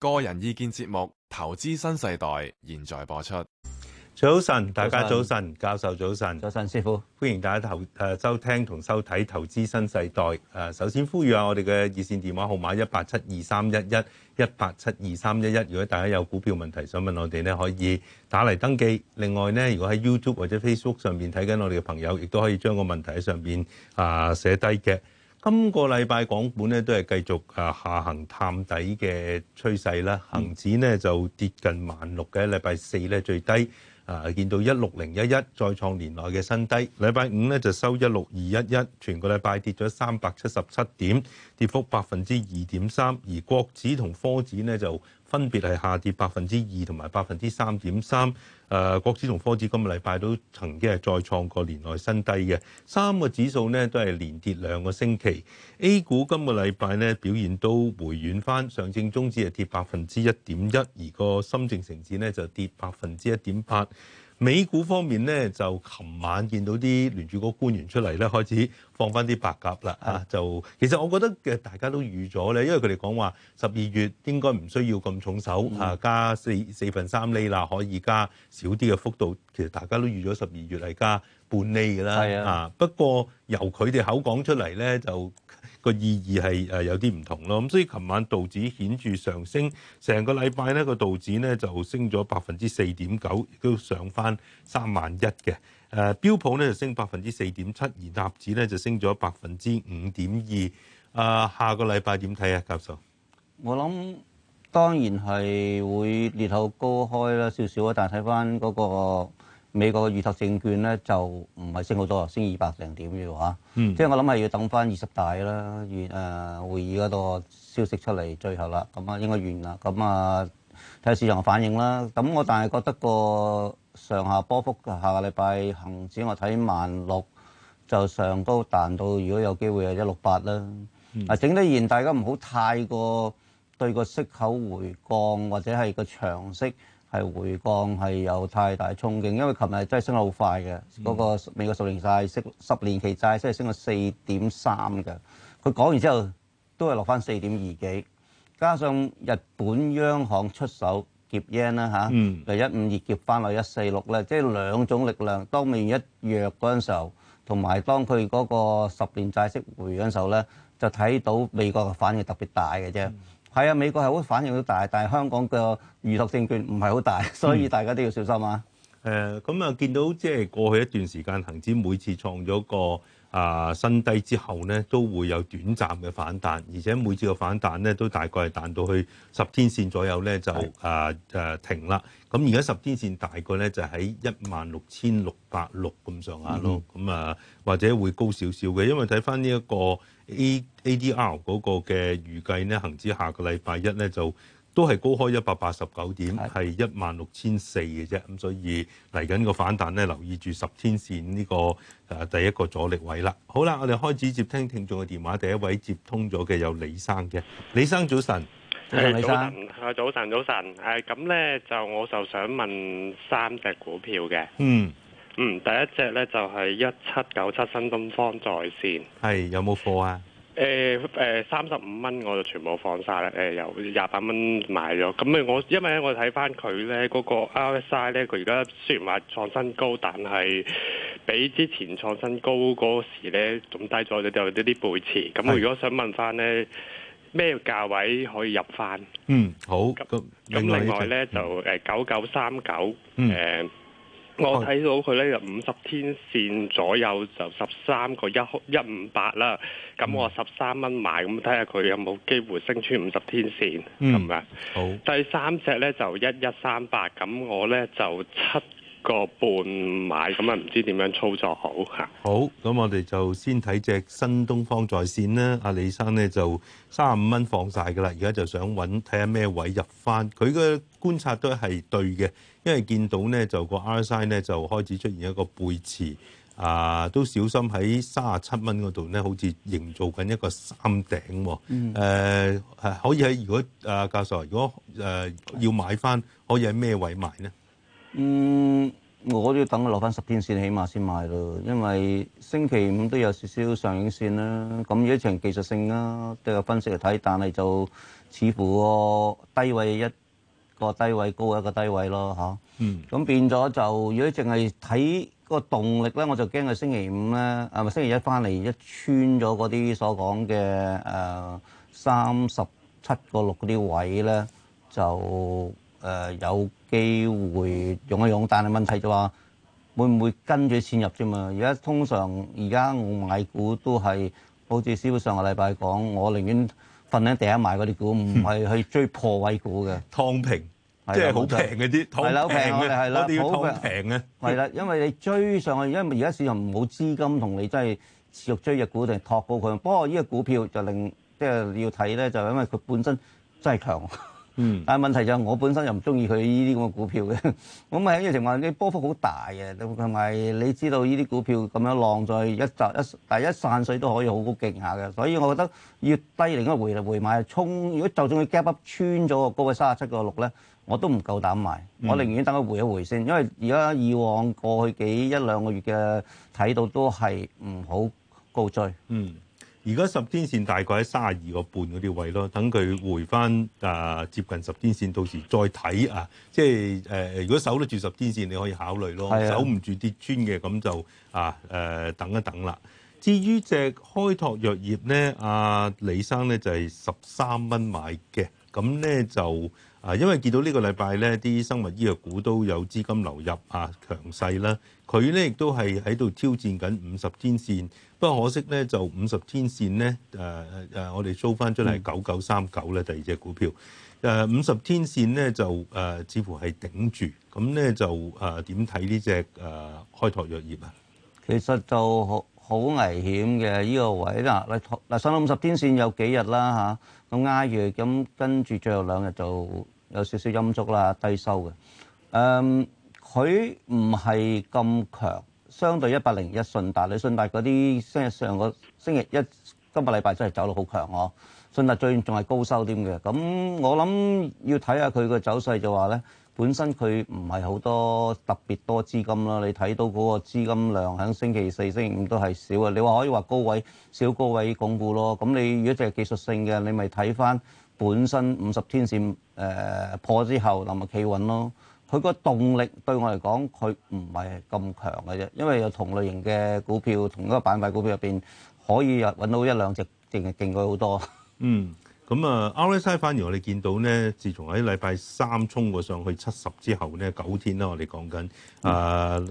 個人意見節目《投資新世代》現在播出。早晨，大家早晨，早晨，教授早晨，早晨，師傅，歡迎大家投誒收聽同收睇《投資新世代》。誒，首先呼籲下我哋嘅熱線電話號碼一八七二三一一一八七二三一一。如果大家有股票問題想問我哋呢，可以打嚟登記。另外呢，如果喺 YouTube 或者 Facebook 上面睇緊我哋嘅朋友，亦都可以將個問題喺上邊啊寫低嘅。今個禮拜港股咧都係繼續啊下行探底嘅趨勢啦，恒、嗯、指咧就跌近萬六嘅，禮拜四咧最低啊見到一六零一一再創年內嘅新低，禮拜五咧就收一六二一一，全個禮拜跌咗三百七十七點，跌幅百分之二點三，而國指同科指呢就。分別係下跌百分之二同埋百分之三點三，誒、呃、國指同科指今個禮拜都曾經係再創過年內新低嘅，三個指數呢都係連跌兩個星期。A 股今個禮拜呢表現都回軟翻，上證綜指係跌百分之一點一，而個深證成指呢就跌百分之一點八。美股方面咧，就琴晚見到啲聯儲局官員出嚟咧，開始放翻啲白鴿啦係啊！就其實我覺得嘅大家都預咗咧，因為佢哋講話十二月應該唔需要咁重手啊，加四四分三厘啦，可以加少啲嘅幅度。其實大家都預咗十二月係加半厘噶啦係啊，不過由佢哋口講出嚟咧就。個意義係誒有啲唔同咯，咁所以琴晚道指顯著上升，成個禮拜呢個道指呢就升咗百分之四點九，亦都上翻三萬一嘅。誒、啊、標普呢就升百分之四點七，而納指呢就升咗百分之五點二。誒、啊、下個禮拜點睇啊，教授？我諗當然係會裂口高開啦，少少啊，但係睇翻嗰個。美國嘅預託證券咧就唔係升好多，升二百零點啫喎嚇。嗯、即係我諗係要等翻二十大啦，與誒、呃、會議嗰個消息出嚟，最後啦，咁啊應該完啦，咁啊睇下市場反應啦。咁我但係覺得個上下波幅下個禮拜恆指，我睇萬六就上高彈到，如果有機會係一六八啦。啊、嗯，整體而言大家唔好太過對個息口回降或者係個長息。係回降係有太大衝勁，因為琴日真係升得好快嘅，嗰、嗯、個美國十年債息十年期債息升到四點三嘅。佢講完之後都係落翻四點二幾，加上日本央行出手劫 yen 啦嚇，由一五二劫翻落一四六咧，即係兩種力量當美元一弱嗰陣時候，同埋當佢嗰個十年債息回緊時候咧，就睇到美國嘅反應特別大嘅啫。嗯係啊，美國係好反應好大，但係香港個預託證券唔係好大，所以大家都要小心啊。誒、嗯，咁、呃、啊、嗯，見到即係過去一段時間，恒指每次創咗個啊，新低之後咧都會有短暫嘅反彈，而且每次嘅反彈咧都大概係彈到去十天線左右咧就是啊啊、呃、停啦。咁而家十天線大概咧就喺一萬六千六百六咁上下咯。咁、嗯嗯、啊或者會高少少嘅，因為睇返呢一個 A ADR 嗰個嘅預計咧，恒指下個禮拜一咧就。都係高開一百八十九點，係一萬六千四嘅啫。咁所以嚟緊個反彈咧，留意住十天線呢個誒第一個阻力位啦。好啦，我哋開始接聽聽眾嘅電話。第一位接通咗嘅有李生嘅，李生早晨，係，早晨早晨。係咁咧就我就想問三隻股票嘅，嗯嗯，第一隻咧就係一七九七新東方在線，係有冇貨啊？誒誒、呃呃、三十五蚊我就全部放晒啦，誒由廿八蚊買咗，咁誒我因為咧我睇翻佢咧嗰個 RSI 咧，佢而家雖然話創新高，但係比之前創新高嗰時咧仲低咗，有啲啲背馳。咁如果想問翻咧咩價位可以入翻？嗯，好咁。那另外咧、嗯、就誒九九三九誒。呃我睇到佢呢就五十天線左右就十三個一一五八啦，咁我十三蚊買，咁睇下佢有冇機會升穿五十天線，咁、嗯、樣。好，第三隻呢就一一三八，咁我呢就七個半買，咁啊唔知點樣操作好。好，咁我哋就先睇隻新東方在線啦。阿李生呢就三十五蚊放晒噶啦，而家就想揾睇下咩位入翻，佢嘅觀察都係對嘅。因為見到咧就個 RSI 咧就開始出現一個背馳，啊都小心喺三十七蚊嗰度咧，好似營造緊一個三頂、啊。誒、嗯啊、可以喺如果啊教授，如果誒、啊、要買翻，可以喺咩位買咧？嗯，我都要等佢落翻十天線起碼先買咯，因為星期五都有少少上影線啦。咁有一場技術性啦，都有分析嚟睇，但係就似乎低位一。個低位高一個低位咯嚇，咁、啊、變咗就如果淨係睇個動力咧，我就驚佢星期五咧，係、啊、咪星期一翻嚟一穿咗嗰啲所講嘅誒三十七個六嗰啲位咧，就誒、呃、有機會用一用，但係問題就話會唔會跟住錢入啫嘛？而家通常而家我買股都係好似師傅上個禮拜講，我寧願瞓喺第一買嗰啲股，唔係去追破位的股嘅，㓥、嗯、平。即係好平嗰啲，係啦，平嘅，係啦，好平嘅，係啦，因為你追上去，因為而家市場冇資金同你真係持續追入股定託高佢。不過呢個股票就令即係、就是、要睇咧，就因為佢本身真係強。嗯，但係問題就係我本身又唔中意佢呢啲咁嘅股票嘅。咁啊喺呢個情況，你波幅好大嘅，同埋你知道呢啲股票咁樣浪在一集一，但一散水都可以好勁下嘅。所以我覺得越低另一個回回買衝，如果就算佢 gap up 穿咗個高位三十七個六咧。我都唔夠膽買，我寧願等佢回一回先，因為而家以往過去幾一兩個月嘅睇到都係唔好高追。嗯，而家十天線大概喺三十二個半嗰啲位咯，等佢回翻啊接近十天線，到時再睇啊。即係誒、啊，如果守得住十天線，你可以考慮咯；啊、守唔住跌穿嘅，咁就啊誒、啊啊、等一等啦。至於隻開拓藥業咧，阿、啊、李生咧就係十三蚊買嘅，咁咧就。啊，因為見到呢個禮拜呢啲生物醫藥股都有資金流入啊，強勢啦。佢呢亦都係喺度挑戰緊五十天線，不過可惜呢就五十天線呢。誒、啊、誒、啊啊啊，我哋收翻出嚟九九三九啦。39，第二隻股票誒五十天線呢就誒、啊、似乎係頂住，咁呢就誒點睇呢隻誒、啊、開拓藥業啊？其實就。好危險嘅呢個位啦，嗱上到五十天線有幾日啦嚇，咁挨住咁跟住最後兩日就有少少陰燭啦，低收嘅。誒，佢唔係咁強，相對一百零一順達，你順達嗰啲星期上個星期一今個禮拜真係走得好強哦，順達最仲係高收啲嘅。咁我諗要睇下佢個走勢就話咧。本身佢唔係好多特別多資金啦，你睇到嗰個資金量喺星期四、星期五都係少啊。你話可以話高位、少高位鞏固咯。咁你如果淨係技術性嘅，你咪睇翻本身五十天線誒、呃、破之後，嗱咪企穩咯。佢個動力對我嚟講，佢唔係咁強嘅啫，因為有同類型嘅股票，同一個板塊股票入邊可以搵到一兩隻勁勁佢好多。嗯。咁啊，RSI 反而我哋見到咧，自從喺禮拜三衝過上去七十之後咧，九天啦，我哋講緊，啊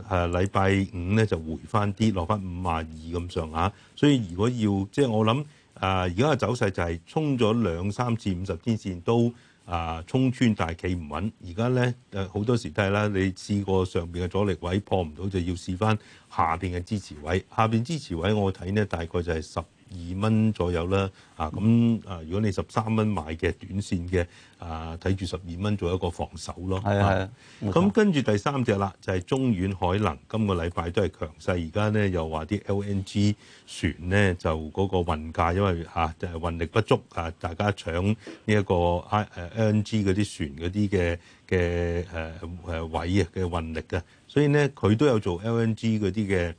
啊禮拜五咧就回翻啲，落翻五十二咁上下。所以如果要，即係我諗，啊而家嘅走勢就係衝咗兩三次五十天線都啊、呃、衝穿，但係企唔穩。而家咧，誒好多時都係啦，你試過上邊嘅阻力位破唔到，就要試翻下邊嘅支持位。下邊支持位我睇呢，大概就係十二蚊左右啦，啊咁啊！如果你十三蚊買嘅短線嘅啊，睇住十二蚊做一個防守咯。係啊，係啊，咁啊、啊、跟住第三隻啦，就係、係、中遠海能。今個禮拜都係強勢，而家咧又話啲 LNG 船咧就嗰個運價，因為嚇就係運力不足啊，大家搶呢一個誒 LNG 嗰啲船嗰啲嘅嘅誒誒位啊嘅、啊、運力啊，所以咧佢都有做 LNG 嗰啲嘅。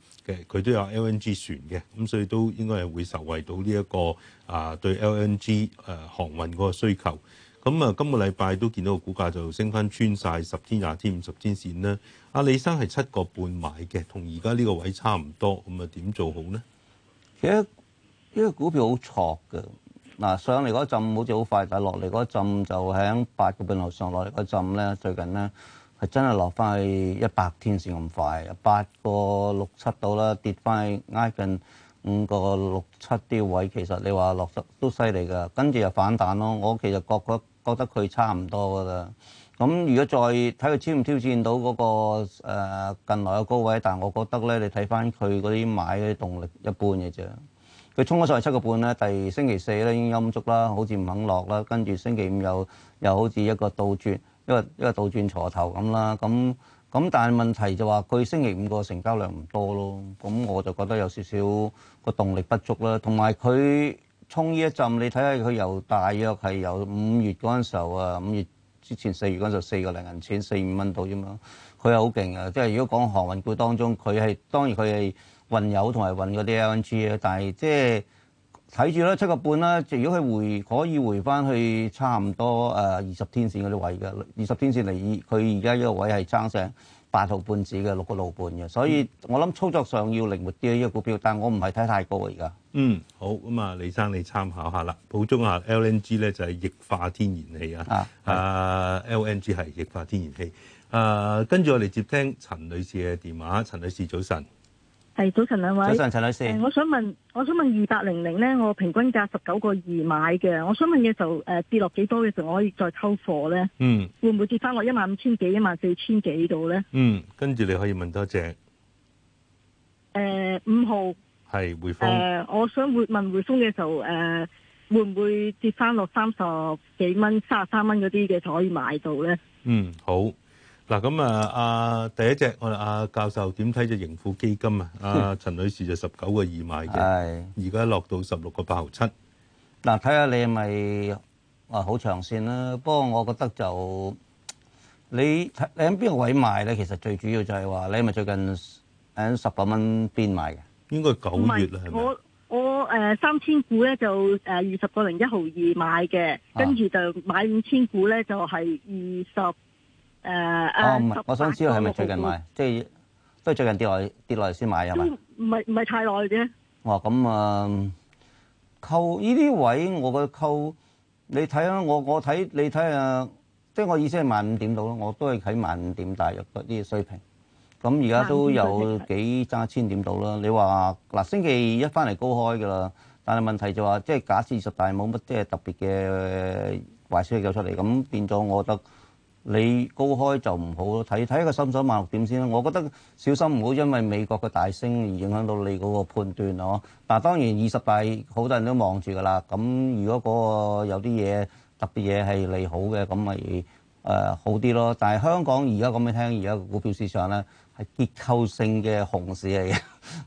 佢都有 LNG 船嘅，咁所以都應該係會受惠到呢、這、一個啊對 LNG 誒、啊、航運嗰個需求。咁啊，今個禮拜都見到個股價就升翻穿晒十天、廿天、五十天線啦。阿、啊、李生係七個半買嘅，同而家呢個位差唔多。咁啊，點做好咧？其實呢個股票好挫嘅，嗱上嚟嗰陣好似好快，但落嚟嗰陣就喺八個半度上落嚟嗰陣咧，最近咧。真係落翻去一百天線咁快，八個六七度啦，跌翻去挨近五個六七啲位。其實你話落實都犀利㗎，跟住又反彈咯。我其實覺得覺得得佢差唔多㗎啦。咁如果再睇佢超唔挑戰到嗰、嗰個、呃、近來嘅高位，但係我覺得咧，你睇翻佢嗰啲買嗰啲動力一般嘅啫。佢衝咗上去七個半咧，第二星期四咧已經陰足啦，好似唔肯落啦。跟住星期五又又好似一個倒轉。因為因為倒轉錯頭咁啦，咁咁但係問題就話佢星期五個成交量唔多咯，咁我就覺得有少少個動力不足啦。同埋佢衝呢一陣，你睇下佢由大約係由五月嗰陣時候啊，五月之前四月嗰陣四個零銀錢，四五蚊度啫嘛，佢係好勁啊！即係如果講航運股當中，佢係當然佢係運油同埋運嗰啲 LNG 啊，但係即係。睇住啦，七個半啦，如果佢回可以回翻去差唔多誒二十天線嗰啲位嘅，二十天線嚟，佢而家呢個位係爭成八毫半紙嘅，六個六半嘅，所以、嗯、我諗操作上要靈活啲呢個股票，但我唔係睇太高而家。嗯，好咁啊，李生你參考下啦，補充下 LNG 咧就係液化天然氣啊，啊 LNG 係液化天然氣，啊跟住、uh, uh, 我嚟接聽陳女士嘅電話，陳女士早晨。係早，早晨，兩位。早晨，陳女士、呃。我想問，我想問，二八零零咧，我平均價十九個二買嘅，我想問嘅就誒跌落幾多嘅時候，我、呃、可以再抽貨咧？嗯。會唔會跌翻落一萬五千幾、一萬四千幾度咧？嗯，跟住你可以問多一隻。誒、呃，五號。係匯豐。誒、呃，我想問匯豐，問匯豐嘅就誒，會唔會跌翻落三十幾蚊、三十三蚊嗰啲嘅就可以買到咧？嗯，好。嗱咁啊，阿第一隻我哋阿教授點睇隻盈富基金啊？阿陳女士就十九個二買嘅，而家落到十六個八毫七。嗱，睇下你係咪啊好長線啦？不過我覺得就你你喺邊個位買咧？其實最主要就係話你係咪最近喺十八蚊邊買嘅？應該九月啦，係咪？我我誒三千股咧就誒二十個零一毫二買嘅，跟住就買五千股咧就係二十。誒誒，我想知道係咪最近買，即係都係最近跌落跌落嚟先買係咪？唔係唔係太耐啫。哇！咁啊，uh, 扣呢啲位我覺得扣。你睇下我我睇你睇啊，即係我意思係萬五點到咯，我都係喺萬五點大約嗰啲水平。咁而家都有幾爭千點到啦。你話嗱，星期一返嚟高開㗎啦，但係問題就話、是、即係假設二十大冇乜即係特別嘅壞消息出嚟，咁變咗我覺得。你高開就唔好咯，睇睇個深水萬六點先啦。我覺得小心唔好，因為美國嘅大升而影響到你嗰個判斷咯。但係當然二十大好多人都望住噶啦。咁如果嗰個有啲嘢特別嘢係利好嘅，咁咪誒好啲咯。但係香港而家咁樣聽，而家股票市場咧係結構性嘅熊市嚟嘅。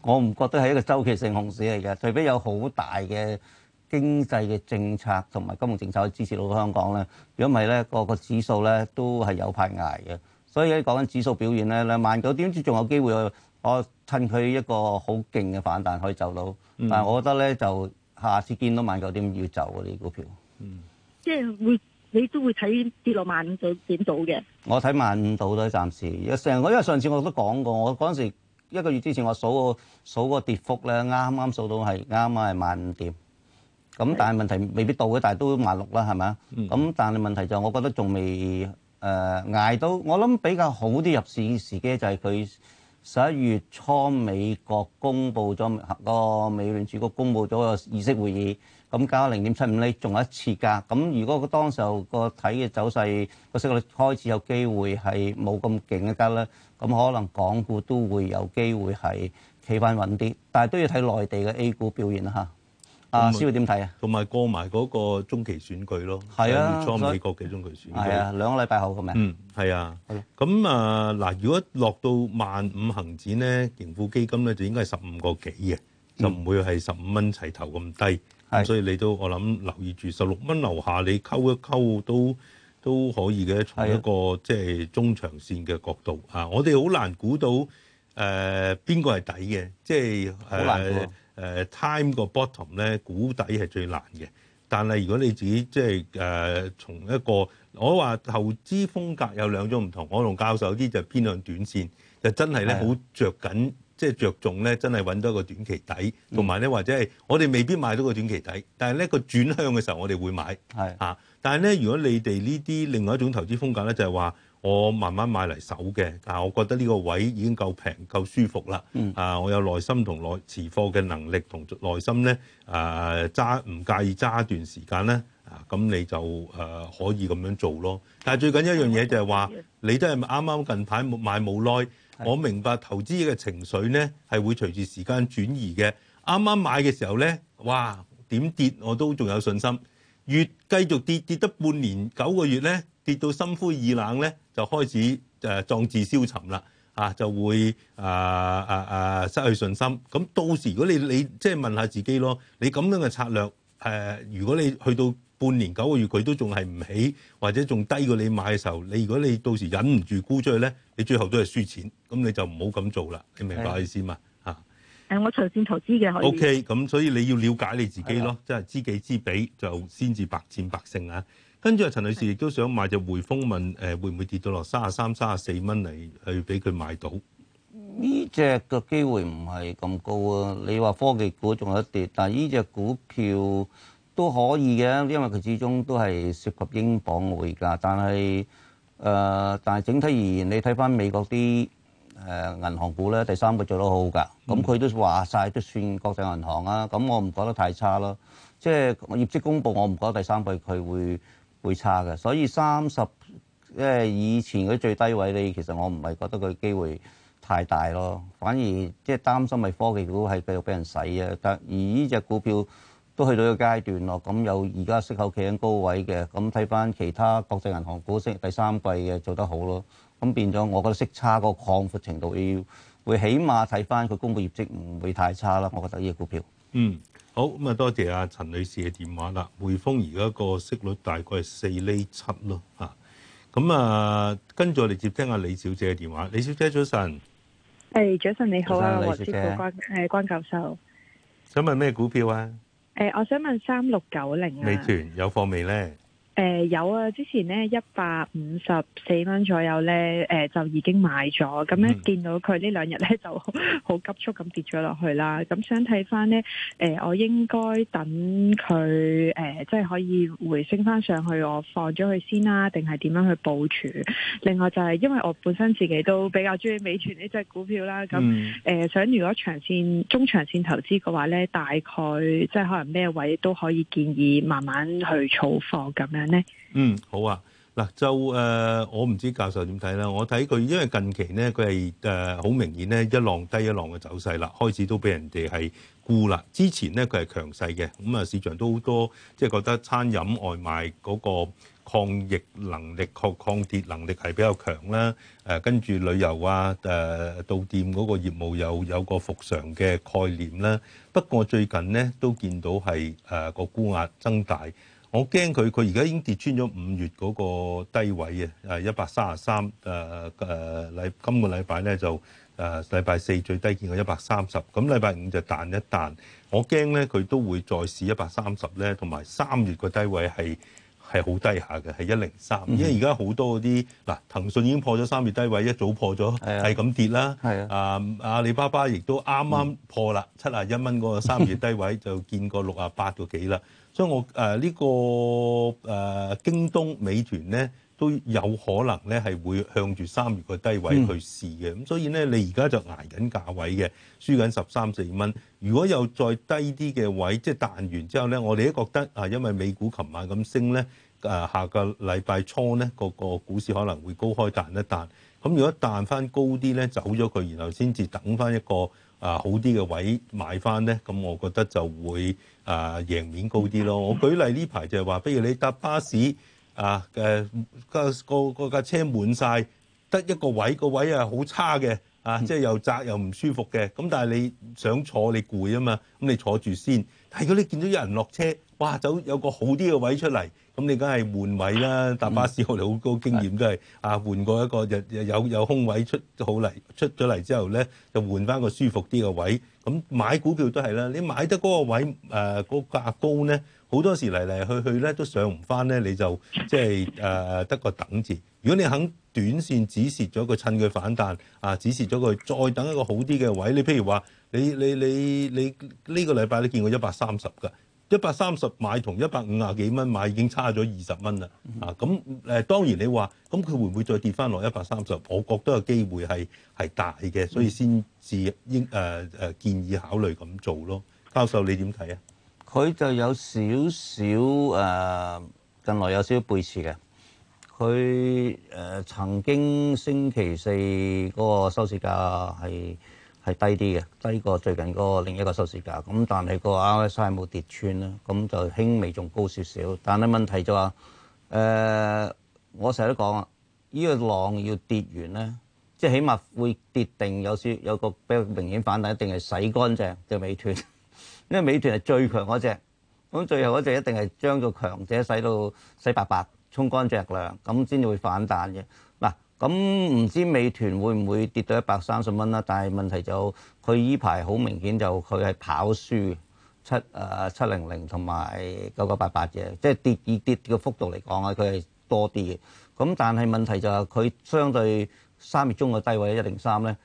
我唔覺得係一個周期性熊市嚟嘅，除非有好大嘅。經濟嘅政策同埋金融政策去支持到香港咧，如果唔係咧，個個指數咧都係有排捱嘅。所以講緊指數表現咧，兩萬九點，仲有機會我趁佢一個好勁嘅反彈可以走到，但係我覺得咧就下次見到萬九點要走嗰啲股票，即係會你都會睇跌落萬五點到嘅。我睇萬五到都暫時成，我因為上次我都講過，我嗰陣時一個月之前我數個數個跌幅咧，啱啱數到係啱啱係萬五點。咁但係問題未必到嘅，但係都萬六啦，係咪？咁、嗯、但係問題就，我覺得仲未誒、呃、捱到。我諗比較好啲入市時機就係佢十一月初美國公布咗個美聯儲局公布咗個議息會議，咁加零點七五厘，仲有一次加。咁如果當時候個睇嘅走勢、那個息率開始有機會係冇咁勁一格咧，咁可能港股都會有機會係企翻穩啲，但係都要睇內地嘅 A 股表現啦。啊，先會點睇啊？同埋過埋嗰個中期選舉咯。係啊，年初美國嘅中期選舉。係啊，兩個禮拜後係咪？嗯，係啊。咁啊，嗱，如果落到萬五恆指咧，盈富基金咧就應該係十五個幾嘅，就唔會係十五蚊齊頭咁低。係，所以你都我諗留意住十六蚊樓下，你溝一溝都都可以嘅。係從一個即係中長線嘅角度啊，我哋好難估到誒邊個係底嘅，即係誒。誒 time 個 bottom 咧，估底係最難嘅。但係如果你自己即係誒從一個，我話投資風格有兩種唔同。我同教授啲就偏向短線，就真係咧好着緊，即係的着重咧真係揾到一個短期底，同埋咧或者係我哋未必買到個短期底，但係咧個轉向嘅時候我哋會買係嚇的、啊。但係咧，如果你哋呢啲另外一種投資風格咧，就係、是、話。我慢慢買嚟守嘅，但係我覺得呢個位已經夠平、夠舒服啦。嗯、啊，我有耐心同耐持貨嘅能力同耐心咧，啊、呃，揸唔介意揸一段時間咧。啊，咁你就誒、呃、可以咁樣做咯。但係最緊一樣嘢就係話，嗯、你都係啱啱近排買冇耐，的我明白投資嘅情緒咧係會隨住時間轉移嘅。啱啱買嘅時候咧，哇點跌我都仲有信心。越繼續跌跌得半年九個月咧，跌到心灰意冷咧。就開始誒壯志消沉啦，啊就會啊啊啊失去信心。咁到時如果你你即係問下自己咯，你咁樣嘅策略誒、啊，如果你去到半年九個月佢都仲係唔起，或者仲低過你買嘅時候，你如果你到時忍唔住沽出去咧，你最後都係輸錢，咁你就唔好咁做啦。你明白我意思嘛？嚇誒的，啊、我隨線投資嘅，可以。O K，咁所以你要了解你自己咯，即係知己知彼就先至百戰百勝啊！跟住阿陳女士亦都想買隻匯豐，問誒會唔會跌到落三十三、三十四蚊嚟去俾佢買到？呢隻嘅機會唔係咁高啊！你話科技股仲有一跌，但係呢隻股票都可以嘅，因為佢始終都係涉及英鎊匯價。但係誒、呃，但係整體而言，你睇返美國啲誒銀行股咧，第三季做得好㗎。咁佢、嗯、都話晒都算國際銀行啊。咁我唔覺得太差咯。即係業績公布，我唔覺得第三季佢會。會差嘅，所以三十即係以前嗰最低位咧，其實我唔係覺得佢機會太大咯，反而即係擔心咪科技股係繼續俾人洗啊。但而呢隻股票都去到一個階段咯，咁有而家息口企緊高位嘅，咁睇翻其他國際銀行股先第三季嘅做得好咯，咁變咗我覺得息差個擴闊程度要會起碼睇翻佢公布業績唔會太差啦。我覺得呢隻股票嗯。好咁啊！多謝阿陳女士嘅電話啦。匯豐而家個息率大概係四厘七咯嚇。咁啊，跟住我哋接聽下李小姐嘅電話。李小姐早晨，誒、hey, 早晨你好啊，黃師傅關誒、呃、關教授，想問咩股票啊？誒、呃，我想問三六九零美團有貨未咧？誒、呃，有啊！之前呢一百五十四蚊左右呢，誒、呃、就已經買咗。咁咧，見到佢呢兩日呢，就好急速咁跌咗落去啦。咁想睇翻呢，誒、呃、我應該等佢誒，即、呃、係、就是、可以回升翻上去，我放咗佢先啦，定係點樣去部署？另外就係因為我本身自己都比較中意美團呢隻股票啦。咁誒、嗯呃、想如果長線、中長線投資嘅話呢，大概即係、就是、可能咩位都可以建議慢慢去儲貨咁樣。嗯，好啊。嗱，就、呃、誒，我唔知教授點睇啦。我睇佢，因為近期咧，佢係誒好明顯咧，一浪低一浪嘅走勢啦，開始都俾人哋係沽啦。之前咧，佢係強勢嘅，咁、嗯、啊，市場都好多即係、就是、覺得餐飲外賣嗰個抗疫能力、抗抗跌能力係比較強啦。誒、呃，跟住旅遊啊，誒、呃，到店嗰個業務有有個復常嘅概念啦。不過最近咧，都見到係誒、呃那個沽壓增大。我驚佢，佢而家已經跌穿咗五月嗰個低位嘅，誒一百三十三，誒、呃、誒禮今個禮拜咧就誒禮拜四最低見過一百三十，咁禮拜五就彈一彈，我驚咧佢都會再試一百三十咧，同埋三月個低位係。係好低下嘅，係一零三。因為而家好多嗰啲，嗱騰訊已經破咗三月低位，一早破咗，係咁跌啦。係啊，啊阿里、啊、巴巴亦都啱啱破啦，七啊一蚊嗰個三月低位就見過六啊八個幾啦。 所以我誒呢、呃這個誒、呃、京東、美團呢、美團咧。都有可能咧，係會向住三月個低位去試嘅。咁、嗯、所以咧，你而家就挨緊價位嘅，輸緊十三四蚊。如果有再低啲嘅位，即係彈完之後咧，我哋都覺得啊，因為美股琴晚咁升咧，誒、啊，下個禮拜初咧，個、個股市可能會高開彈一彈。咁、啊、如果彈翻高啲咧，走咗佢，然後先至等翻一個啊好啲嘅位買翻咧，咁我覺得就會啊贏面高啲咯。我舉例呢排就係話，譬如你搭巴士。啊，誒個個個架車滿晒，得一個位，個位啊好差嘅，啊即係又窄又唔舒服嘅。咁但係你想坐你攰啊嘛，咁你坐住先。但係如果你見到有人落車，哇，走有個好啲嘅位出嚟，咁你梗係換位啦。搭巴士我哋好多經驗都係啊，換過一個有有有空位出好嚟，出咗嚟之後咧就換翻個舒服啲嘅位。咁買股票都係啦，你買得嗰個位誒嗰個價高咧。好多時嚟嚟去去咧都上唔翻咧，你就即係誒得個等字。如果你肯短線止蝕咗個趁佢反彈啊，止蝕咗佢，再等一個好啲嘅位。你譬如話你你你你呢個禮拜你見過一百三十㗎，一百三十買同一百五十幾蚊買已經差咗二十蚊啦。啊咁誒、呃，當然你話咁佢會唔會再跌翻落一百三十？我覺得有機會係係大嘅，所以先至應誒誒建議考慮咁做咯。教授你點睇啊？佢就有少少誒、呃，近來有少少背刺嘅。佢誒、呃、曾經星期四嗰個收市價係係低啲嘅，低過最近嗰個另一個收市價。咁但係個 RSI 冇跌穿啦，咁就輕微仲高少少。但係問題就話誒，我成日都講啊，依、呢個浪要跌完咧，即係起碼會跌定有少有個比較明顯反彈，一定係洗乾淨嘅尾段。因為美團係最強嗰隻，咁最後嗰隻一定係將個強者洗到洗白白，沖乾淨涼，咁先至會反彈嘅。嗱，咁唔知美團會唔會跌到一百三十蚊啦？但係問題就佢依排好明顯就佢係跑輸七誒七零零同埋九九八八嘅，即係跌以跌嘅幅度嚟講啊，佢係多啲嘅。咁但係問題就係佢相對三月中嘅低位一零三咧。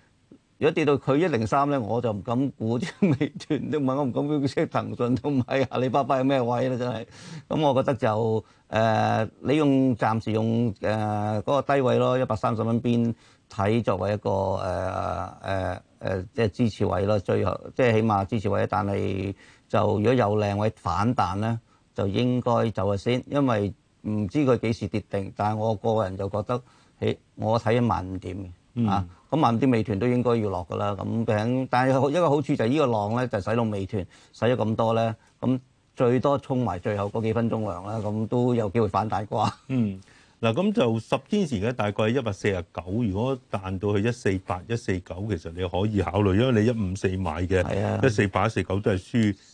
如果跌到佢一零三咧，我就唔敢估即美團都唔係。我唔敢估啲騰訊都唔係。阿里巴巴有咩位咧？真係，咁、 嗯、我覺得就誒、呃，你用暫時用誒嗰、呃那個低位咯，一百三十蚊邊睇作為一個誒誒誒，即、呃、係、呃呃呃、支持位咯，最後即係起碼支持位。但係就如果有靚位反彈咧，就應該就係先，因為唔知佢幾時跌定。但係我個人就覺得起，我睇一萬五點 嗯、啊，咁慢啲美團都應該要落噶啦。咁但係一個好處就係呢個浪咧，就使、是、到美團使咗咁多咧。咁最多沖埋最後嗰幾分鐘量啦，咁都有機會反大瓜。嗯，嗱、嗯，咁就十天時間大概係一百四十九，如果彈到去一四八、一四九，其實你可以考慮，因為你一、啊、五四買嘅一四八、一四九都係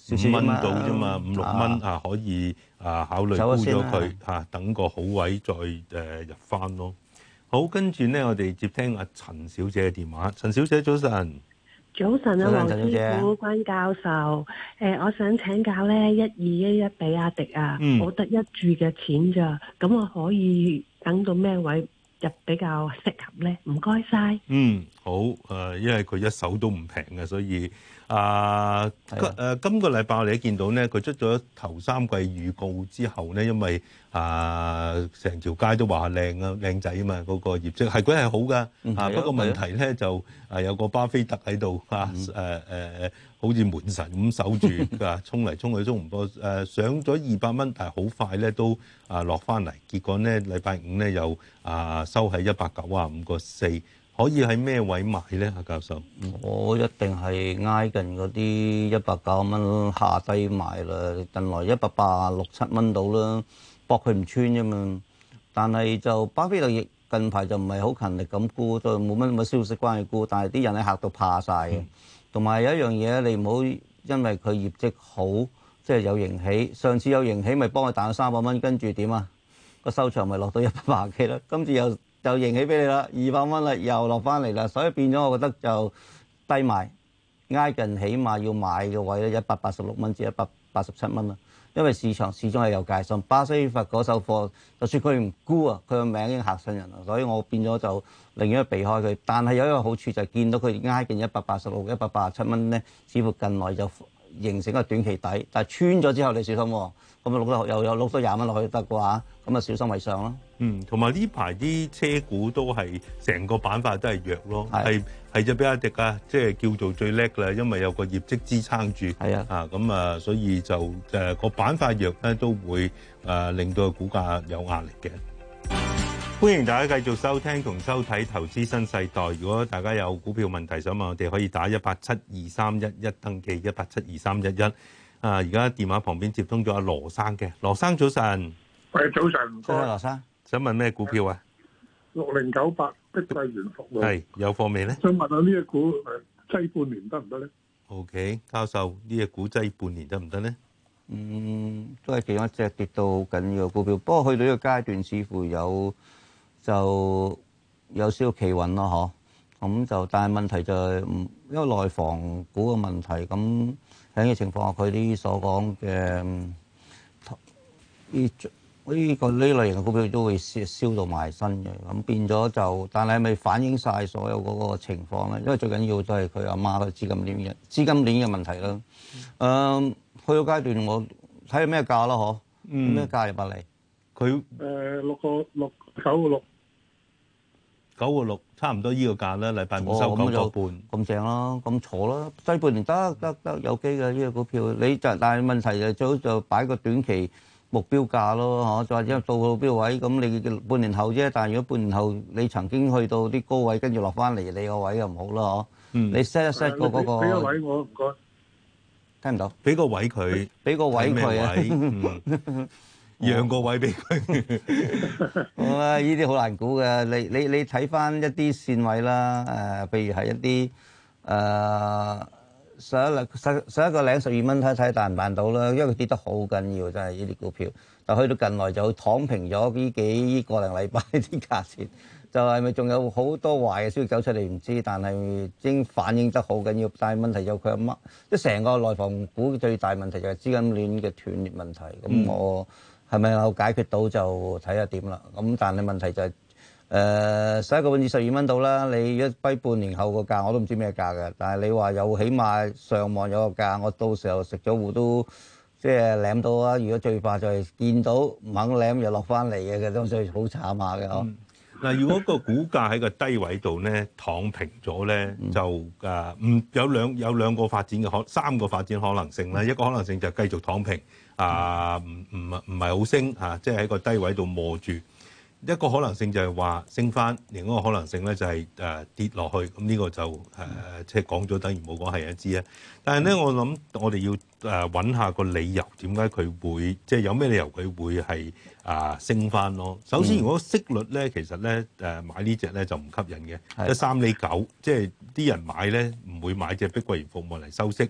輸五蚊到啫嘛，五六蚊啊可以啊考慮沽咗佢嚇，等個好位再誒、呃、入翻咯。好，跟住咧，我哋接聽阿陳小姐嘅電話。陳小姐早晨，早晨啊，黃師傅、關教授，誒、呃，我想請教咧，一二一一比亞迪啊，嗯、我得一注嘅錢咋，咁我可以等到咩位入比較適合咧？唔該晒。嗯，好，誒、呃，因為佢一手都唔平嘅，所以。啊，啊，今今個禮拜我哋都見到咧，佢出咗頭三季預告之後咧，因為啊，成條街都話靚啊，靚仔啊嘛，嗰個業績係佢係好噶，啊的不過問題咧的就啊有個巴菲特喺度啊誒誒誒，好似門神咁守住㗎，衝嚟衝去衝唔多誒 上咗二百蚊，但係好快咧都啊落翻嚟，結果咧禮拜五咧又啊收喺一百九啊五個四。可以喺咩位買咧，阿教授？我一定係挨近嗰啲一百九蚊下低買啦，近來一百八六七蚊到啦，搏佢唔穿啫嘛。但係就巴菲特亦近排就唔係好勤力咁沽，就冇乜乜消息關佢沽。但係啲人咧嚇到怕晒，嘅、嗯。同埋有一樣嘢你唔好因為佢業績好，即係有盈起。上次有盈起咪幫佢打咗三百蚊，跟住點啊？個收場咪落到一百八幾啦。今次有。就迎起俾你啦，二百蚊啦，又落翻嚟啦，所以變咗，我覺得就低買，挨近，起碼要買嘅位咧一百八十六蚊至一百八十七蚊啦。因為市場始終係有戒心，巴西以發嗰手貨就算佢唔沽啊，佢個名已經嚇親人啦，所以我變咗就寧願避開佢。但係有一個好處就係見到佢挨近一百八十六、一百八十七蚊咧，似乎近來就形成一個短期底，但係穿咗之後你小心喎、哦。咁啊，落咗又又落咗廿蚊落去得嘅話，咁啊小心為上咯。嗯，同埋呢排啲車股都係成個板塊都係弱咯，係係只比亞迪噶，即係叫做最叻啦，因為有個業績支撐住。係啊，啊咁啊，所以就誒個板塊弱咧，都會誒令到個股價有壓力嘅。歡迎大家繼續收聽同收睇《投資新世代》。如果大家有股票問題想問我哋，可以打一八七二三一一登記，一八七二三一一。啊，而家電話旁邊接通咗阿羅生嘅。羅生早晨。喂早晨，多謝羅生，想問咩股票啊？六零九八碧桂園服務，係有貨未咧？想問下呢個股揸半年得唔得咧？OK，教授呢隻股揸半年得唔得咧？嗯，都係其中一隻跌到緊要嘅股票，不過去到呢個階段似乎有就有少少企穩咯，嗬？咁就但係問題就係唔，因為內房股嘅問題咁。喺呢個情況下，佢啲所講嘅呢呢個呢類型嘅股票都會燒燒到埋身嘅，咁變咗就，但係咪反映晒所有嗰個情況咧？因為最緊要就係佢阿媽嘅資金鏈嘅資金鏈嘅問題啦。誒、嗯，uh, 去到階段我睇下咩價啦，嗬？咩價入嚟？佢誒六個六九個六。九個六差唔多依個價啦，禮拜五收九個半，咁正咯，咁坐咯，低半年得得得有機嘅依個股票，你就但係問題就最好就擺個短期目標價咯，嚇，或者到到邊個位咁你半年後啫，但係如果半年後你曾經去到啲高位跟住落翻嚟，你個位又唔好啦，嚇。嗯。你 set 一 set 個嗰個。俾個位我唔該。聽唔到，俾個位佢，俾個位佢啊。咩位？讓個位俾佢，哇！呢啲好難估嘅，你你你睇返一啲線位啦，誒、呃，譬如係一啲誒十一零十十一個零十二蚊睇睇，但唔辦到啦，因為佢跌得好緊要，真係呢啲股票。但去到近來就躺平咗呢幾個零禮拜，啲價錢，就係咪仲有好多壞嘅消息走出嚟唔知？但係已經反映得好緊要。但係問題有佢阿乜？即係成個內房股最大問題就係資金鏈嘅斷裂問題。咁我。嗯係咪解決到就睇下點啦？咁但你問題就係、是，誒十一個半至十二蚊到啦。你一虧半年後個價我都唔知咩價嘅。但係你話有起碼上望有個價，我到時候食咗糊都即係舐到啊。如果最怕就係見到猛舐又落翻嚟嘅，咁所以好慘下嘅呵。嗱、嗯，如果個股價喺個低位度咧，躺平咗咧，嗯、就誒唔有兩有兩個發展嘅可三個發展可能性啦。嗯、一個可能性就繼續躺平。啊，唔唔唔係好升啊，即係喺個低位度磨住。一個可能性就係話升翻，另一個可能性咧就係誒跌落去。咁呢個就誒即係講咗，等於冇講係一支啊。但係咧，我諗我哋要誒揾下個理由，點解佢會即係有咩理由佢會係啊升翻咯？首先，如果息率咧，其實咧誒買呢隻咧就唔吸引嘅，得三釐九，即係啲人買咧唔會買隻碧桂園服務嚟收息。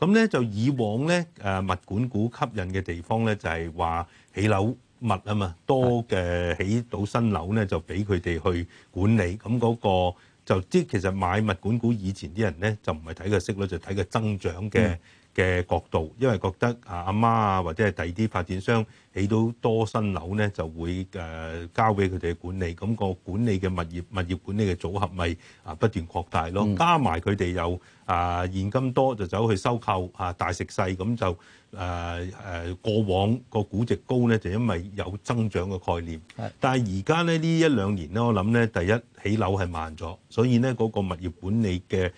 咁咧就以往咧誒物管股吸引嘅地方咧就係話起樓密啊嘛，多嘅起到新樓咧就俾佢哋去管理，咁嗰個就即，其實買物管股以前啲人咧就唔係睇個息率，就睇個增長嘅。嘅角度，因為覺得啊阿媽啊或者係第二啲發展商起到多新樓咧，就會誒、呃、交俾佢哋管理，咁、那個管理嘅物業物業管理嘅組合咪啊不斷擴大咯，嗯、加埋佢哋有啊、呃、現金多就走去收購啊大食細，咁就誒誒、呃呃、過往個估值高咧，就因為有增長嘅概念。是但係而家咧呢一兩年咧，我諗咧第一起樓係慢咗，所以咧嗰、那個物業管理嘅。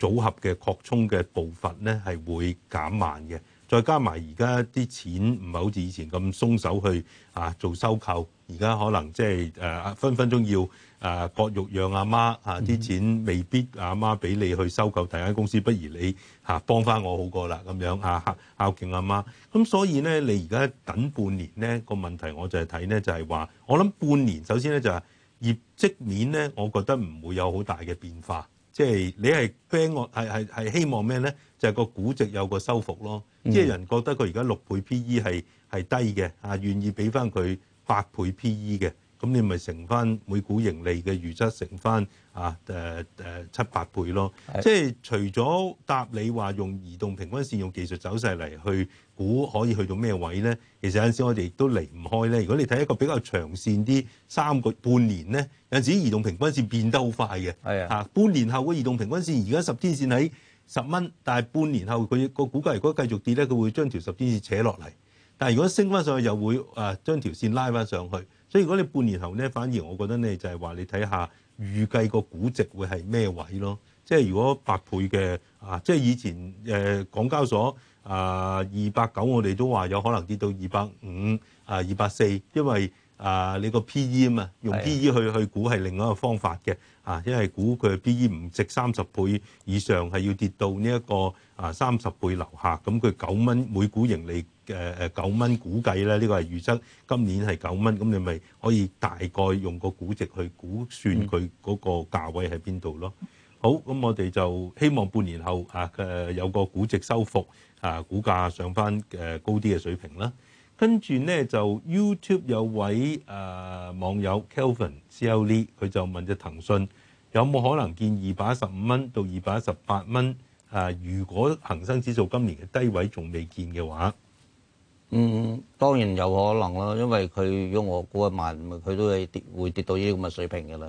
組合嘅擴充嘅步伐咧，係會減慢嘅。再加埋而家啲錢唔係好似以前咁鬆手去啊做收購，而家可能即係誒分分鐘要、呃、割媽媽啊割肉讓阿媽啊，啲錢未必阿媽俾你去收購第二間公司，不如你嚇、啊、幫翻我好過啦，咁樣啊孝敬阿媽。咁所以咧，你而家等半年咧個問題我、就係，我就係睇咧就係話，我諗半年首先咧就係業績面咧，我覺得唔會有好大嘅變化。即係你係 f 我係係係希望咩咧？就係、是、個估值有個修復咯，即、就、係、是、人覺得佢而家六倍 PE 係係低嘅嚇，願意俾翻佢八倍 PE 嘅。咁你咪乘翻每股盈利嘅預測，乘翻啊誒誒七八倍咯，的即係除咗答你話用移動平均線用技術走勢嚟去估可以去到咩位咧，其實有陣時我哋亦都離唔開咧。如果你睇一個比較長線啲三個半年咧，有陣時移動平均線變得好快嘅，嚇的半年後個移動平均線而家十天線喺十蚊，但係半年後佢個估計如果繼續跌咧，佢會將條十天線扯落嚟，但係如果升翻上去又會啊將條線拉翻上去。所以如果你半年後咧，反而我覺得咧就係、是、話你睇下預計個估值會係咩位咯？即係如果百倍嘅啊，即係以前誒、呃、港交所啊二百九，呃、我哋都話有可能跌到二百五啊二百四，4, 因為啊、呃、你個 P E 啊嘛，用 P E 去去估係另外一個方法嘅啊，因為估佢嘅 P E 唔值三十倍以上係要跌到呢一個啊三十倍樓下，咁佢九蚊每股盈利。誒誒九蚊估計咧，呢、這個係預測今年係九蚊。咁你咪可以大概用個估值去估算佢嗰個價位喺邊度咯。好咁，我哋就希望半年後啊，誒有個估值收復啊，股價上翻誒、啊、高啲嘅水平啦。跟住呢，就 YouTube 有位誒、啊、網友 Kelvin C L V 佢就問隻騰訊：隻騰訊有冇可能見二百一十五蚊到二百一十八蚊？啊，如果恒生指數今年嘅低位仲未見嘅話。嗯，當然有可能咯，因為佢如果我估一萬，佢都係跌，會跌到呢啲咁嘅水平嘅啦。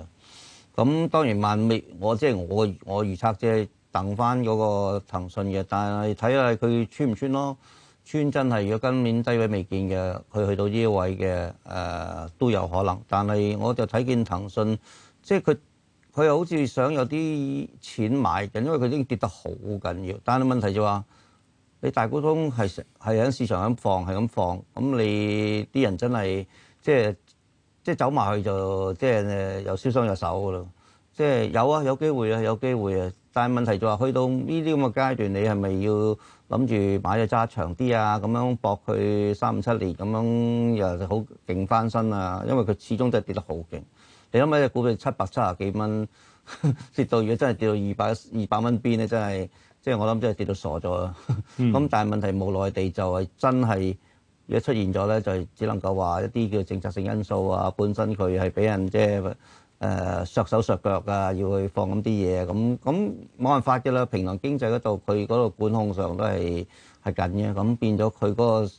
咁、嗯、當然萬未，我即係我我預測即係，等翻嗰個騰訊嘅，但係睇下佢穿唔穿咯。穿真係如果今年低位未見嘅，佢去到呢位嘅，誒、呃、都有可能。但係我就睇見騰訊，即係佢佢又好似想有啲錢買緊，因為佢已經跌得好緊要。但係問題就話。你大股東係係喺市場咁放，係咁放，咁你啲人真係即係即係走埋去就即係有燒傷隻手㗎喇，即係有，有啊，有機會啊，有機會啊，但係問題就話去到呢啲咁嘅階段，你係咪要諗住買隻揸長啲啊？咁樣搏佢三五七年咁樣又好勁翻身啊？因為佢始終都係跌得好勁，你諗下啲股票七百七十幾蚊跌到，如果真係跌到二百二百蚊邊咧，真係～即係我諗即係跌到傻咗，咁、 嗯、但係問題冇內地就係真係而家出現咗咧，就係只能夠話一啲叫政策性因素啊，本身佢係俾人即係誒削手削腳啊，要去放咁啲嘢，咁咁冇辦法嘅啦。平臺經濟嗰度佢嗰度管控上都係係緊嘅，咁變咗佢嗰個。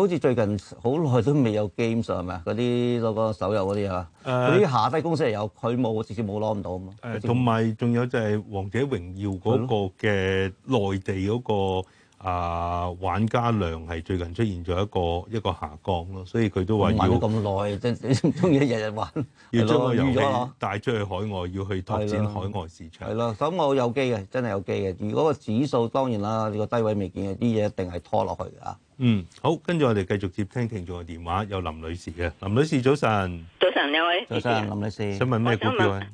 好似最近好耐都未有 game 上嘛，嗰啲嗰個手遊嗰啲嚇，嗰啲、uh, 下低公司係有，佢冇我至少冇攞唔到咁咯。誒，同埋仲有就係《王者榮耀》嗰個嘅內地嗰、嗰個了啊玩家量係最近出現咗一個一個下降咯，所以佢都話要玩咗咁耐，即係你唔中意日日玩， 要將個遊戲 帶出去海外，要去拓展海外市場。係咯，咁我有機嘅，真係有機嘅。如果個指數當然啦，呢個低位未見，啲嘢一定係拖落去啊。嗯，好，跟住我哋繼續接聽聽眾嘅電話，有林女士嘅。林女士早晨，早晨，兩位，早晨，林女士，女士想問咩股票咧？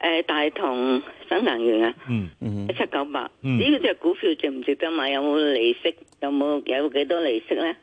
誒，大唐新能源啊，嗯嗯，一七九八，呢隻股票值唔值得買？有冇利息？有冇有幾多利息咧？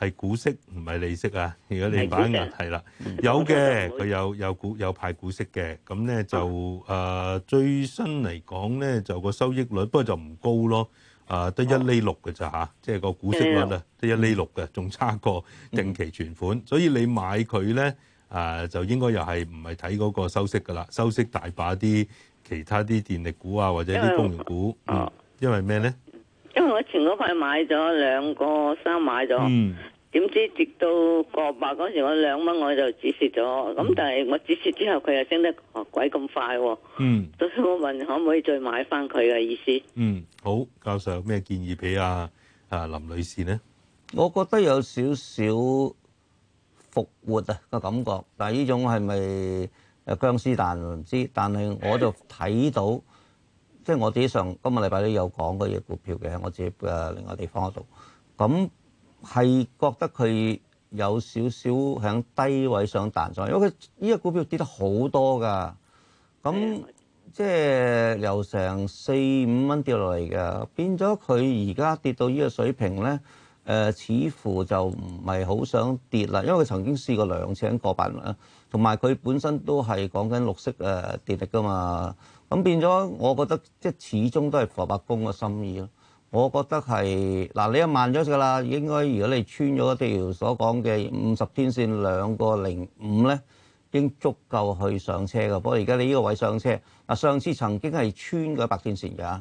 係股息唔係利息啊，如果你買嘅係啦，有嘅，佢有有股有派股息嘅，咁咧就誒，嗯嗯、最新嚟講咧就個收益率，不過就唔高咯。厘啊，得一厘六嘅咋嚇，即係個股息率啊厘，得一厘六嘅，仲差過定期存款，嗯、所以你買佢咧，啊、呃，就應該又係唔係睇嗰個收息嘅啦，收息大把啲其他啲電力股啊，或者啲公用股啊、嗯，因為咩咧？因為我前嗰排買咗兩個，三買咗。嗯點知跌到過百嗰時，我兩蚊我就止蝕咗。咁、嗯、但係我止蝕之後，佢又升得，哦、鬼咁快。嗯，所以我問可唔可以再買翻佢嘅意思？嗯，好，教授有咩建議俾阿阿林女士呢？我覺得有少少復活啊個感覺，但係呢種係咪誒僵屍蛋唔知。但係我就睇到，即係 我自己上今日禮拜都有講過嗰隻股票嘅，我自己誒另外地方嗰度咁。係覺得佢有少少喺低位上彈上，因為佢依個股票跌得好多噶，咁即係由成四五蚊跌落嚟噶，變咗佢而家跌到呢個水平咧、呃，誒似乎就唔係好想跌啦，因為佢曾經試過兩次過百萬，同埋佢本身都係講緊綠色誒跌力噶嘛，咁變咗我覺得即係始終都係胡伯公嘅心意咯。我覺得係嗱，你一慢咗㗎啦，應該如果你穿咗，譬如所講嘅五十天線兩個零五咧，已經足夠去上車㗎。不過而家你呢個位上車，嗱上次曾經係穿一百天線㗎，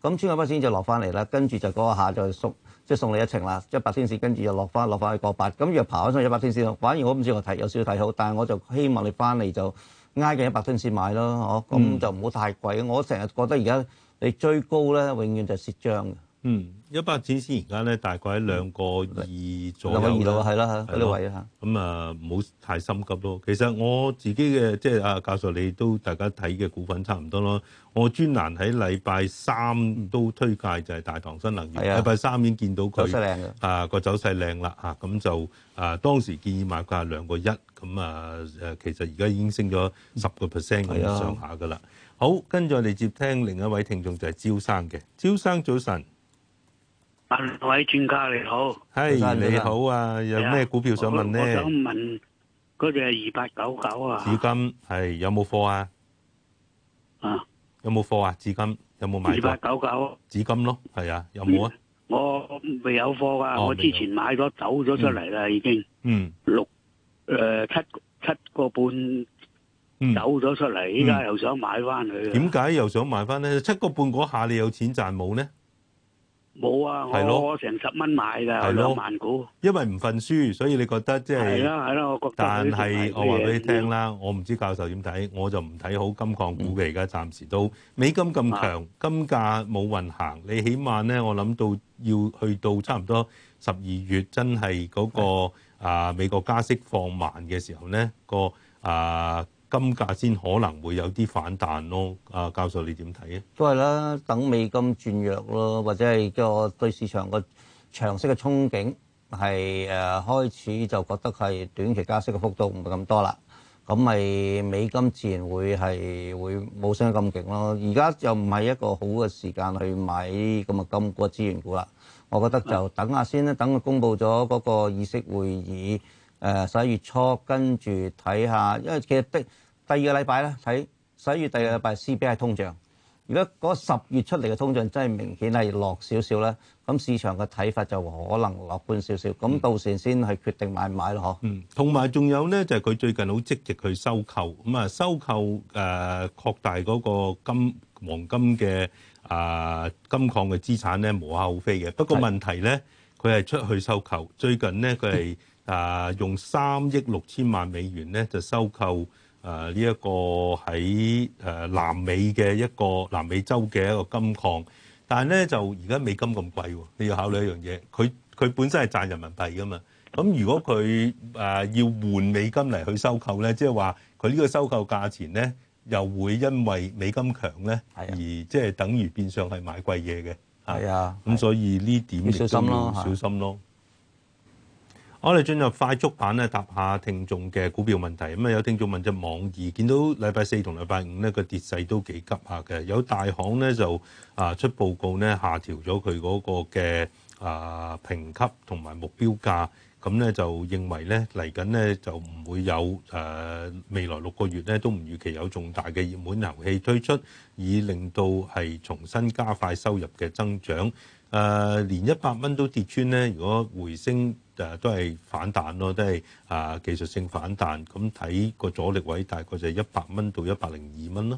咁穿一百天線就落翻嚟啦，跟住就嗰下就縮，即係送你一程啦，即係一百天線，跟住就回落翻落翻去個八，咁若爬翻上一百天線，反而我唔知我睇有少少睇好，但係我就希望你翻嚟就挨近一百天線買咯、啊，呵，咁就唔好太貴。我成日覺得而家你追高咧，永遠就係蝕張。嗯，一百展線，而家咧大概喺兩個二左右，兩個二度係啦，喺呢位啊。咁啊，唔好太心急咯。其實我自己嘅即係啊，教授你都大家睇嘅股份差唔多咯。我專欄喺禮拜三都推介就係、是、大唐新能源。禮拜、啊、三已經見到佢啊、那個走勢靚啦嚇，咁、啊、就啊當時建議買價兩個一，咁啊誒其實而家已經升咗十個 percent 咁上下噶啦。啊、好，跟住我哋接聽另一位聽眾就係招生嘅，招生早晨。啊，各位專家你好，係 Hey, 生你好啊，啊有咩股票想問咧？我想問嗰隻二八九九啊，紫金係有冇貨啊？啊，有冇貨啊？紫金有冇買？二八九九，紫金咯，係啊，有冇啊？我未有貨啊，我之前買咗走咗出嚟啦，哦、已經，嗯，六、呃、誒七七個半走咗出嚟，依家、嗯、又想買翻佢。點解又想買翻呢？七個半嗰下你有錢賺冇呢？冇啊！我成十蚊買㗎，兩萬股。因為唔忿輸，所以你覺得即係。係咯係咯，我覺得。但係我話俾你聽啦，我唔知教授點睇，我就唔睇好金礦股嘅而家，暫時都美金咁強，金價冇運行，你起碼咧，我諗到要去到差唔多十二月，真係嗰個啊美國加息放慢嘅時候咧，個啊。金價先可能會有啲反彈咯，啊教授你點睇啊？都係啦，等美金轉弱咯，或者係個對市場個長息嘅憧憬係誒、呃、開始就覺得係短期加息嘅幅度唔係咁多啦，咁咪美金自然會係會冇升得咁勁咯。而家又唔係一個好嘅時間去買咁嘅金股資源股啦，我覺得就等下先啦，等佢公佈咗嗰個議息會議。誒十一月初跟住睇下，因為其實第第二個禮拜咧，睇十一月第二個禮拜，CPI 通脹。如果嗰十月出嚟嘅通脹真係明顯係落少少咧，咁市場嘅睇法就可能樂觀少少。咁到時先去決定買唔買咯，嗬。嗯，同埋仲有咧，就係佢最近好積極去收購，咁啊收購誒擴大嗰個金黃金嘅啊金礦嘅資產咧，無可厚非嘅。不過問題咧，佢係出去收購，最近咧佢係。啊！用三億六千萬美元咧，就收購啊呢、呃這個、一個喺誒南美嘅一個南美洲嘅一個金礦，但係咧就而家美金咁貴，你要考慮一樣嘢，佢佢本身係賺人民幣噶嘛，咁如果佢誒、呃、要換美金嚟去收購咧，即係話佢呢個收購價錢咧，又會因為美金強咧，啊、而即係等於變相係買貴嘢嘅，係啊，咁、啊啊、所以呢點是小心咯，小心咯。我哋進入快速版咧，答下聽眾嘅股票問題。咁、嗯、啊，有聽眾問隻網易，見到禮拜四同禮拜五呢個跌勢都幾急下嘅。有大行呢就啊出報告呢下調咗佢嗰個嘅啊、呃、評級同埋目標價。咁呢就認為呢嚟緊呢就唔會有誒、呃、未來六個月呢都唔預期有重大嘅熱門遊戲推出，以令到係重新加快收入嘅增長。誒、呃，連一百蚊都跌穿呢如果回升。誒都係反彈咯，都係啊技術性反彈。咁睇個阻力位大概就係一百蚊到一百零二蚊咯。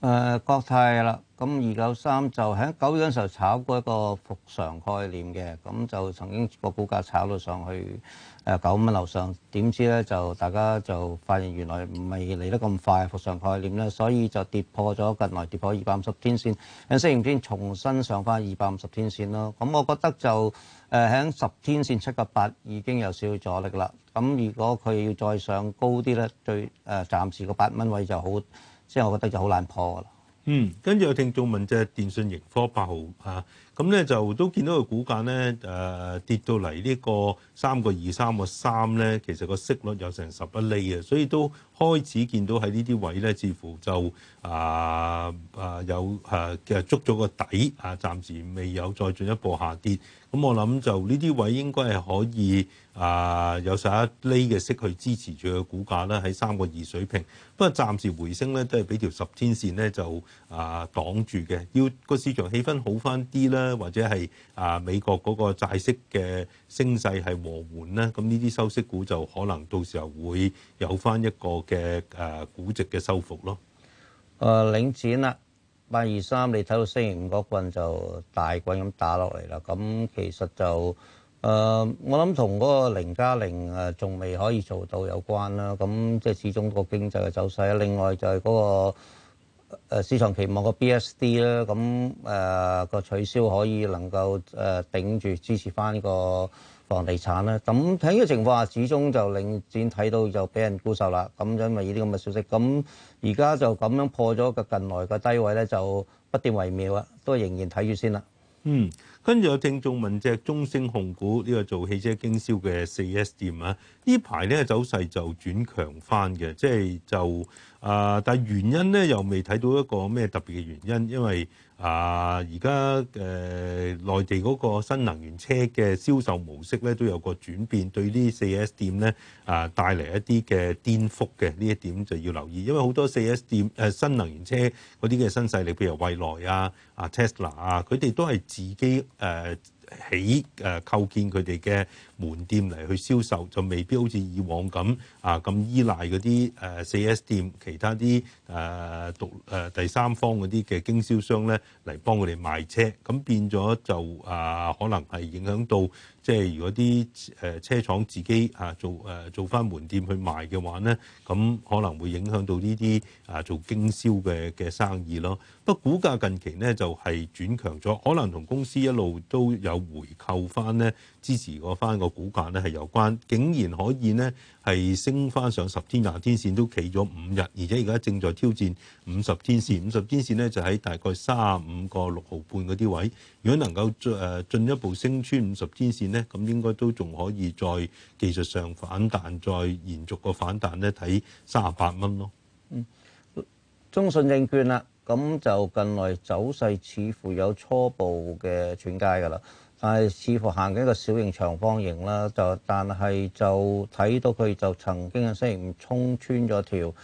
誒、呃、國泰啦，咁二九三就喺九月嗰陣時候炒過一個復常概念嘅，咁就曾經個股價炒到上去。誒九蚊樓上，點知咧就大家就發現原來唔係嚟得咁快復常概念咧，所以就跌破咗近來跌破二百五十天線，響星期五重新上翻二百五十天線咯。咁我覺得就誒喺十天線七個八已經有少少阻力啦。咁如果佢要再上高啲咧，最誒暫時個八蚊位就好，即係我覺得就好難破啦。嗯，跟住有聽眾問就係電訊盈科八號啊。咁咧就都見到個股價咧誒跌到嚟呢個三個二三個三咧，其實個息率有成十一厘啊，所以都開始見到喺呢啲位咧，似乎就啊啊、呃、有其實、呃、捉咗個底啊，暫時未有再進一步下跌。咁我諗就呢啲位應該係可以啊、呃、有十一厘嘅息去支持住個股價咧，喺三個二水平。不過暫時回升咧都係俾條十天線咧就啊擋、呃、住嘅，要個市場氣氛好翻啲咧。或者係啊美國嗰個債息嘅升勢係和緩咧，咁呢啲收息股就可能到時候會有翻一個嘅誒估值嘅收復咯。誒、呃、領展啦，八二三你睇到升完五個棍就大棍咁打落嚟啦。咁其實就誒、呃、我諗同嗰個零加零誒仲未可以做到有關啦。咁即係始終個經濟嘅走勢啊。另外就係嗰、嗰個。誒市場期望個 BSD 咧，咁誒個取消可以能夠誒、呃、頂住支持翻呢個房地產啦。咁喺呢個情況下，始終就領展睇到就俾人沽售啦。咁因為依啲咁嘅消息，咁而家就咁樣破咗個近來嘅低位咧，就不斷為妙啦。都係仍然睇住先啦。嗯。跟住有聽眾問隻中升控股呢，呢個做汽車經銷嘅 4S 店啊，呢排呢個走勢就轉強翻嘅，即係就啊、呃，但係原因呢又未睇到一個咩特別嘅原因，因為。啊！而家誒內地嗰個新能源車嘅銷售模式咧都有個轉變，對呢四 S 店咧啊、呃、帶嚟一啲嘅顛覆嘅呢一點就要留意，因為好多四 S 店誒、呃、新能源車嗰啲嘅新勢力，譬如蔚來啊、啊 Tesla 啊，佢哋都係自己誒。呃起誒、呃、構建佢哋嘅門店嚟去銷售，就未必好似以往咁啊咁依賴嗰啲誒四 S 店、其他啲誒獨誒第三方嗰啲嘅經銷商咧嚟幫佢哋賣車，咁變咗就啊、呃、可能係影響到。即係如果啲誒車廠自己啊做誒、啊、做翻門店去賣嘅話咧，咁可能會影響到呢啲啊做經銷嘅嘅生意咯。不過股價近期咧就係、是、轉強咗，可能同公司一路都有回購翻咧。支持過翻個股價咧係有關，竟然可以呢係升翻上十天廿天線都企咗五日，而且而家正在挑戰五十天線。五十天線呢就喺大概三十五個六毫半嗰啲位，如果能夠、呃、進一步升穿五十天線呢，咁應該都仲可以再技術上反彈，再延續個反彈咧睇三十八蚊咯、嗯。中信證券啦，咁就近來走勢似乎有初步嘅轉街㗎啦。但係似乎行緊一個小型長方形啦，就但係就睇到佢就曾經嘅雖然衝穿咗條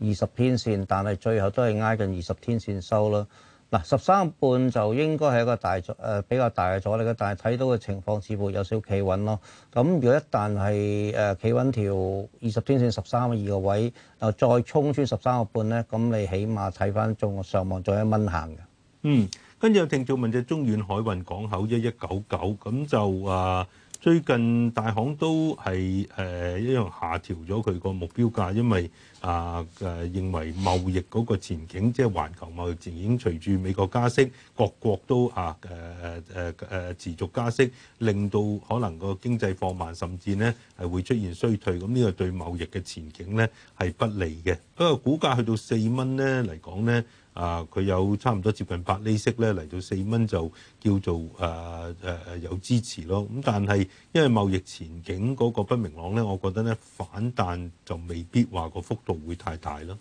二十天線，但係最後都係挨近二十天線收啦。嗱，十三個半就應該係一個大誒、呃、比較大嘅阻力嘅，但係睇到嘅情況似乎有少少企穩咯。咁如果一旦係誒企穩條二十天線十三個二個位，又再衝穿十三個半咧，咁你起碼睇翻仲上望再一蚊行嘅。嗯。跟住有聽眾問隻中遠海運港口一一九九，咁就啊最近大行都係誒、啊、一樣下調咗佢個目標價，因為啊誒、啊、認為貿易嗰個前景，即係環球貿易前景，隨住美國加息，各國都啊誒誒誒誒持續加息，令到可能個經濟放慢，甚至呢係會出現衰退，咁呢個對貿易嘅前景呢係不利嘅。不過股價去到四蚊呢嚟講呢。啊！佢有差唔多接近八厘息咧，嚟到四蚊就叫做誒誒、呃呃、有支持咯。咁但係因為貿易前景嗰個不明朗咧，我覺得咧反彈就未必話個幅度會太大咯。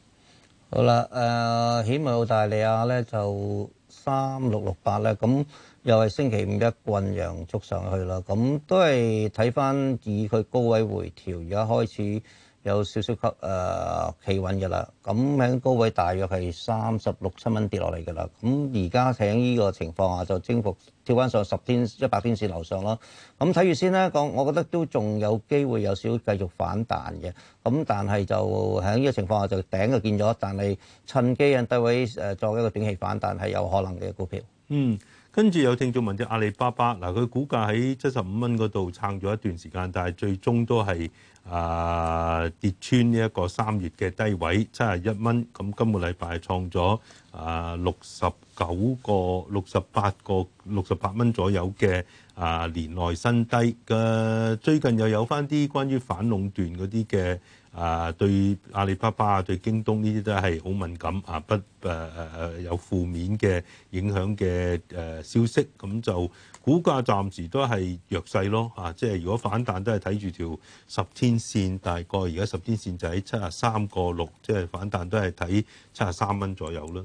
好啦，誒、呃，起碼澳大利亞咧就三六六八喇，咁、嗯、又係星期五一棍陽燭上去啦。咁、嗯、都係睇翻以佢高位回調而家開始。有少少吸誒企穩嘅啦，咁、呃、喺高位大約係三十六七蚊跌落嚟嘅啦，咁而家喺呢個情況下就征服跳返上十天一百天線樓上咯，咁睇住先啦，講我覺得都仲有機會有少少繼續反彈嘅，咁但係就喺呢個情況下就頂就見咗，但係趁機喺低位誒作為一個短期反彈係有可能嘅股票，嗯。跟住有聽眾問隻阿里巴巴，嗱、啊、佢股價喺七十五蚊嗰度撐咗一段時間，但係最終都係啊、呃、跌穿呢一個三月嘅低位七十一蚊。咁今個禮拜創咗啊六十九個六十八個六十八蚊左右嘅啊、呃、年內新低。嘅、呃、最近又有翻啲關於反壟斷嗰啲嘅。啊，對阿里巴巴啊，對京東呢啲都係好敏感啊，不誒誒誒有負面嘅影響嘅誒消息，咁就股價暫時都係弱勢咯啊，即係如果反彈都係睇住條十天線，大概而家十天線就喺七十三個六，即係反彈都係睇七十三蚊左右啦。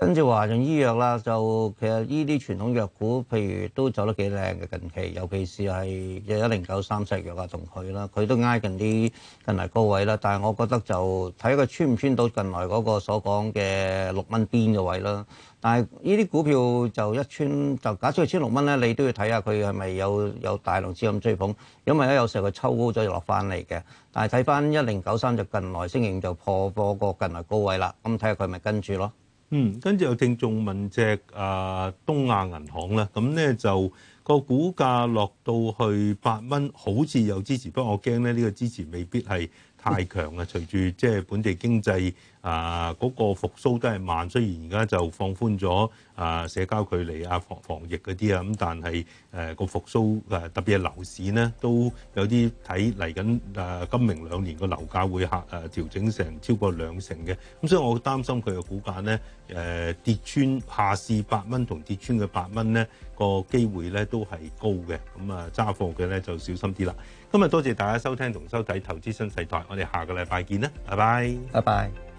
跟住華潤醫藥啦，就其實依啲傳統藥股，譬如都走得幾靚嘅近期，尤其是係嘅一零九三石藥啊，同佢啦，佢都挨近啲近來高位啦。但係我覺得就睇佢穿唔穿到近來嗰個所講嘅六蚊邊嘅位啦。但係呢啲股票就一穿就假設，出去穿六蚊咧，你都要睇下佢係咪有有大量資金追捧，因為咧有時候佢抽高咗落翻嚟嘅。但係睇翻一零九三就近來升形就破過個近來高位啦，咁睇下佢咪跟住咯。嗯，跟住又正仲問隻啊東亞銀行啦，咁咧就個股價落到去八蚊，好似有支持，不過我驚咧呢個支持未必係太強啊，嗯、隨住即係本地經濟。啊！嗰、那個復甦都係慢，雖然而家就放寬咗啊，社交距離啊，防防疫嗰啲啊。咁但係誒個復甦誒、啊、特別係樓市咧，都有啲睇嚟緊。誒、啊、今明兩年個樓價會下誒調整成超過兩成嘅。咁、啊、所以我擔心佢嘅股價咧誒、啊、跌穿下市八蚊同跌穿嘅八蚊咧個機會咧都係高嘅。咁啊揸貨嘅咧就小心啲啦。今日多謝大家收聽同收睇《投資新世代》，我哋下個禮拜見啦，拜拜，拜拜。